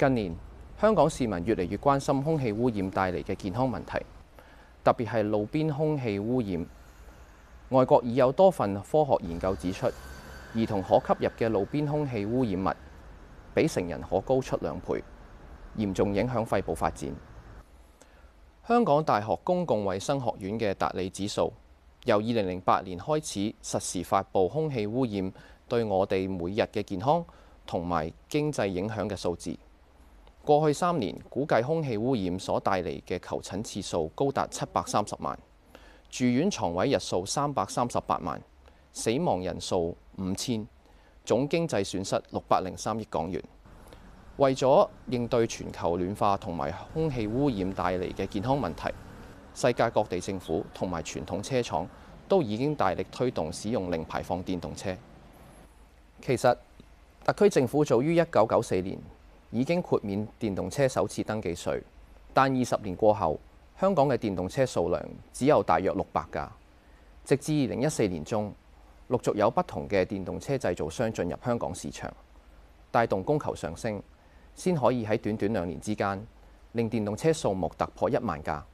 近年，香港市民越嚟越關心空氣污染帶嚟嘅健康問題，特別係路邊空氣污染。外國已有多份科學研究指出，兒童可吸入嘅路邊空氣污染物比成人可高出兩倍，嚴重影響肺部發展。香港大學公共衛生學院嘅達理指數由二零零八年開始實時發布空氣污染對我哋每日嘅健康同埋經濟影響嘅數字。過去三年，估計空氣污染所帶嚟嘅求診次數高達七百三十萬，住院床位日數三百三十八萬，死亡人數五千，總經濟損失六百零三億港元。為咗應對全球暖化同埋空氣污染帶嚟嘅健康問題，世界各地政府同埋傳統車廠都已經大力推動使用零排放電動車。其實，特區政府早於一九九四年，已經豁免電動車首次登記稅，但二十年過後，香港嘅電動車數量只有大約六百架。直至二零一四年中，陸續有不同嘅電動車製造商進入香港市場，帶動供求上升，先可以喺短短兩年之間，令電動車數目突破一萬架，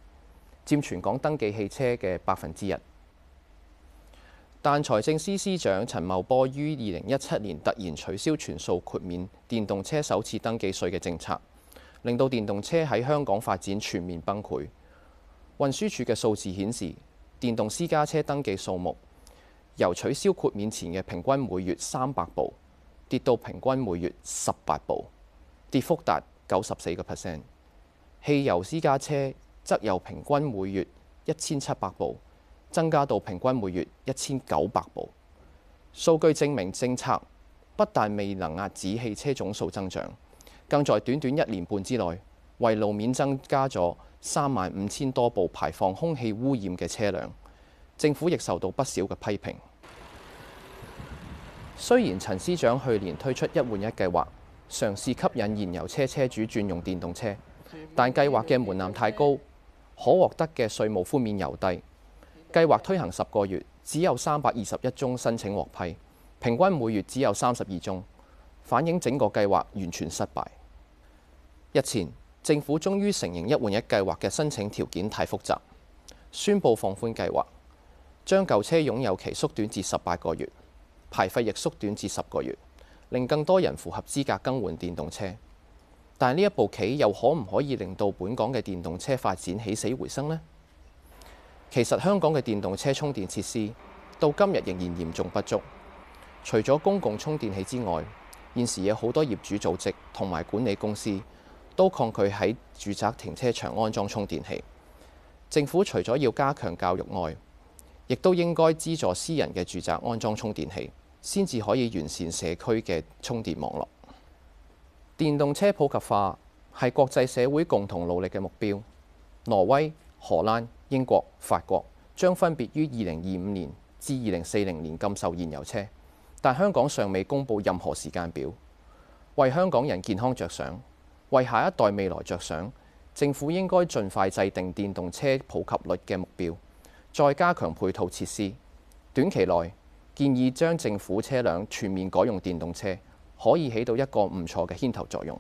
佔全港登記汽車嘅百分之一。但財政司司長陳茂波於二零一七年突然取消全數豁免電動車首次登記稅嘅政策，令到電動車喺香港發展全面崩潰。運輸署嘅數字顯示，電動私家車登記數目由取消豁免前嘅平均每月三百部，跌到平均每月十八部，跌幅達九十四個 percent。汽油私家車則由平均每月一千七百部，增加到平均每月一千九百部。數據證明政策不但未能壓止汽車總數增長，更在短短一年半之內為路面增加咗三萬五千多部排放空氣污染嘅車輛。政府亦受到不少嘅批評。雖然陳司長去年推出一換一計劃，嘗試吸引燃油車車主轉用電動車，但計劃嘅門檻太高，可獲得嘅稅務寬免又低。計劃推行十個月，只有三百二十一宗申請獲批，平均每月只有三十二宗，反映整個計劃完全失敗。日前政府終於承認一換一計劃嘅申請條件太複雜，宣布放寬計劃，將舊車擁有期縮短至十八個月，牌費亦縮短至十個月，令更多人符合資格更換電動車。但呢一步棋又可唔可以令到本港嘅電動車發展起死回生呢？其實香港嘅電動車充電設施到今日仍然嚴重不足，除咗公共充電器之外，現時有好多業主組織同埋管理公司都抗拒喺住宅停車場安裝充電器。政府除咗要加強教育外，亦都應該資助私人嘅住宅安裝充電器，先至可以完善社區嘅充電網絡。電動車普及化係國際社會共同努力嘅目標。挪威、荷蘭、英國、法國將分別於二零二五年至二零四零年禁售燃油車，但香港尚未公布任何時間表。為香港人健康著想，為下一代未來著想，政府應該盡快制定電動車普及率嘅目標，再加強配套設施。短期內建議將政府車輛全面改用電動車，可以起到一個唔錯嘅牽頭作用。